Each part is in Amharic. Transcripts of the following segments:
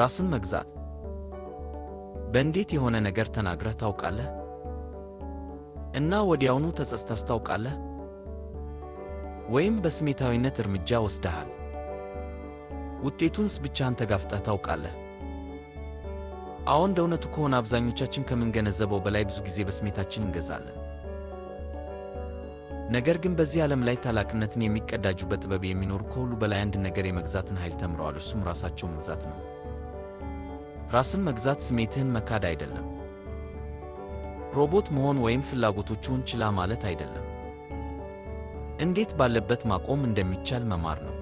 ራስን መግዛት። በእንዴት የሆነ ነገር ተናግረህ ታውቃለህ እና ወዲያውኑ ተጸጽተህ ታውቃለህ? ወይም በስሜታዊነት እርምጃ ወስደሃል? ውጤቱንስ ብቻህን ተጋፍጠህ ታውቃለህ? አዎ፣ እንደ እውነቱ ከሆነ አብዛኞቻችን ከምንገነዘበው በላይ ብዙ ጊዜ በስሜታችን እንገዛለን። ነገር ግን በዚህ ዓለም ላይ ታላቅነትን የሚቀዳጁበት ጥበብ የሚኖሩ ከሁሉ በላይ አንድ ነገር የመግዛትን ኃይል ተምረዋል። እርሱም ራሳቸው መግዛት ነው። ራስን መግዛት ስሜትህን መካድ አይደለም። ሮቦት መሆን ወይም ፍላጎቶቹን ችላ ማለት አይደለም። እንዴት ባለበት ማቆም እንደሚቻል መማር ነው።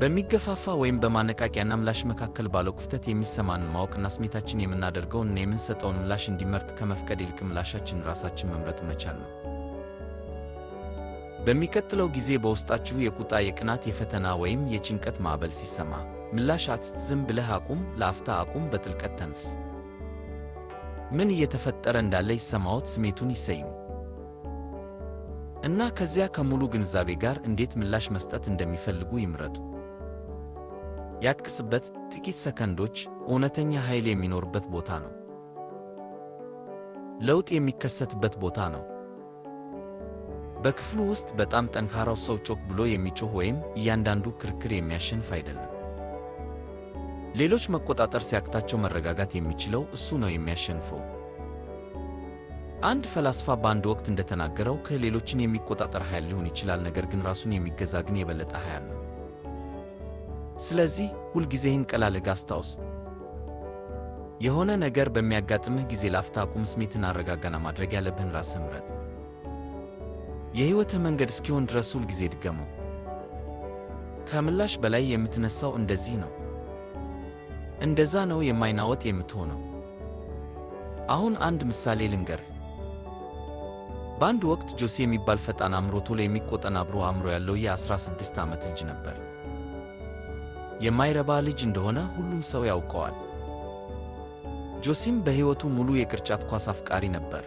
በሚገፋፋ ወይም በማነቃቂያና ምላሽ መካከል ባለው ክፍተት የሚሰማንን ማወቅና ስሜታችን የምናደርገውንና የምንሰጠውን ምላሽ እንዲመርጥ ከመፍቀድ ይልቅ ምላሻችን ራሳችን መምረጥ መቻል ነው። በሚቀጥለው ጊዜ በውስጣችሁ የቁጣ፣ የቅናት፣ የፈተና ወይም የጭንቀት ማዕበል ሲሰማ ምላሽ አትስጥ። ዝም ብለህ አቁም፣ ለአፍታ አቁም፣ በጥልቀት ተንፍስ። ምን እየተፈጠረ እንዳለ ይሰማዎት፣ ስሜቱን ይሰይሙ እና ከዚያ ከሙሉ ግንዛቤ ጋር እንዴት ምላሽ መስጠት እንደሚፈልጉ ይምረጡ። ያክስበት ጥቂት ሰከንዶች እውነተኛ ኃይል የሚኖርበት ቦታ ነው። ለውጥ የሚከሰትበት ቦታ ነው። በክፍሉ ውስጥ በጣም ጠንካራው ሰው ጮክ ብሎ የሚጮህ ወይም እያንዳንዱ ክርክር የሚያሸንፍ አይደለም። ሌሎች መቆጣጠር ሲያቅታቸው መረጋጋት የሚችለው እሱ ነው የሚያሸንፈው። አንድ ፈላስፋ በአንድ ወቅት እንደተናገረው ከሌሎችን የሚቆጣጠር ኃይል ሊሆን ይችላል፣ ነገር ግን ራሱን የሚገዛ ግን የበለጠ ኃያል ነው። ስለዚህ ሁልጊዜህን ቀላልግ አስታውስ። የሆነ ነገር በሚያጋጥምህ ጊዜ ላፍታ አቁም። ስሜትን አረጋጋና ማድረግ ያለብህን ራስህ ምረጥ። የሕይወትህ መንገድ እስኪሆን ድረስ ሁልጊዜ ድገመው። ከምላሽ በላይ የምትነሳው እንደዚህ ነው። እንደዛ ነው የማይናወጥ የምትሆነው። አሁን አንድ ምሳሌ ልንገር። በአንድ ወቅት ጆሲ የሚባል ፈጣን አእምሮ ቶሎ የሚቆጠን አብሮ አእምሮ ያለው የ16 ዓመት ልጅ ነበር። የማይረባ ልጅ እንደሆነ ሁሉም ሰው ያውቀዋል። ጆሲም በሕይወቱ ሙሉ የቅርጫት ኳስ አፍቃሪ ነበር።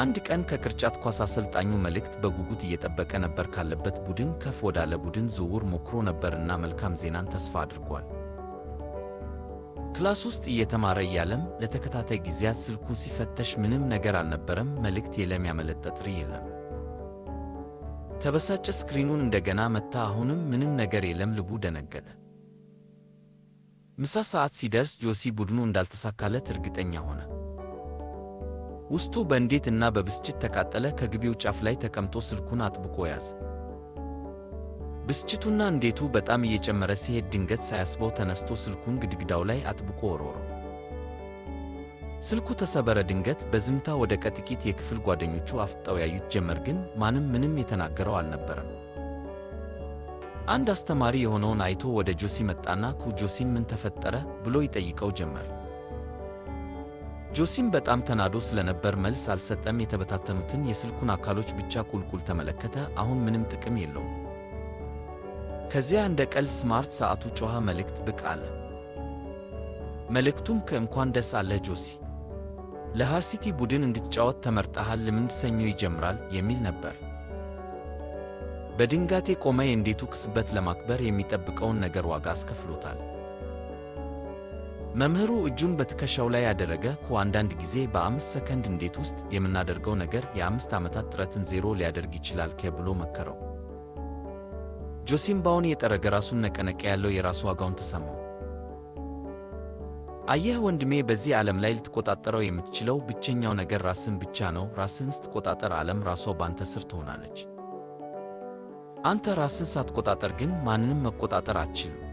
አንድ ቀን ከቅርጫት ኳስ አሰልጣኙ መልእክት በጉጉት እየጠበቀ ነበር። ካለበት ቡድን ከፍ ወዳለ ቡድን ዝውውር ሞክሮ ነበርና መልካም ዜናን ተስፋ አድርጓል። ክላስ ውስጥ እየተማረ እያለም ለተከታታይ ጊዜያት ስልኩ ሲፈተሽ ምንም ነገር አልነበረም። መልእክት የለም፣ ያመለጠ ጥሪ የለም። ተበሳጨ። ስክሪኑን እንደገና መታ። አሁንም ምንም ነገር የለም። ልቡ ደነገጠ። ምሳ ሰዓት ሲደርስ ጆሲ ቡድኑ እንዳልተሳካለት እርግጠኛ ሆነ። ውስጡ በንዴት እና በብስጭት ተቃጠለ። ከግቢው ጫፍ ላይ ተቀምጦ ስልኩን አጥብቆ ያዘ። ብስጭቱና እንዴቱ በጣም እየጨመረ ሲሄድ ድንገት ሳያስበው ተነስቶ ስልኩን ግድግዳው ላይ አጥብቆ ወሮሮ። ስልኩ ተሰበረ። ድንገት በዝምታ ወደ ቀጥቂት የክፍል ጓደኞቹ አፍጠው ያዩት ጀመር፣ ግን ማንም ምንም የተናገረው አልነበረም። አንድ አስተማሪ የሆነውን አይቶ ወደ ጆሲ መጣና ኩ ጆሲም ምን ተፈጠረ ብሎ ይጠይቀው ጀመር። ጆሲም በጣም ተናዶ ስለነበር መልስ አልሰጠም። የተበታተኑትን የስልኩን አካሎች ብቻ ቁልቁል ተመለከተ። አሁን ምንም ጥቅም የለውም። ከዚያ እንደ ቀልድ ስማርት ሰዓቱ ጮኸ። መልእክት ብቅ አለ። መልእክቱም ከእንኳን ደስ አለ ጆሲ ለሃርሲቲ ቡድን እንድትጫወት ተመርጠሃል፣ ልምምድ ሰኞ ይጀምራል የሚል ነበር። በድንጋቴ ቆመ። የእንዴቱ ክስበት ለማክበር የሚጠብቀውን ነገር ዋጋ አስከፍሎታል። መምህሩ እጁን በትከሻው ላይ ያደረገ ኩ አንዳንድ ጊዜ በአምስት ሰከንድ እንዴት ውስጥ የምናደርገው ነገር የአምስት ዓመታት ጥረትን ዜሮ ሊያደርግ ይችላል ከ ብሎ መከረው። ጆሲም ባውን የጠረገ ራሱን ነቀነቀ። ያለው የራሱ ዋጋውን ተሰማው። አየህ ወንድሜ፣ በዚህ ዓለም ላይ ልትቆጣጠረው የምትችለው ብቸኛው ነገር ራስን ብቻ ነው። ራስን ስትቆጣጠር ዓለም ራሷ ባንተ ስር ትሆናለች። አንተ ራስን ሳትቆጣጠር ግን ማንንም መቆጣጠር አትችልም።